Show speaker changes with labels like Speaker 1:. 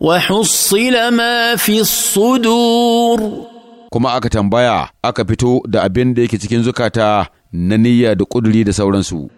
Speaker 1: وحصل ما في الصدور kuma aka tambaya aka fito da abin da yake cikin zukata na niyya da ƙuduri da sauransu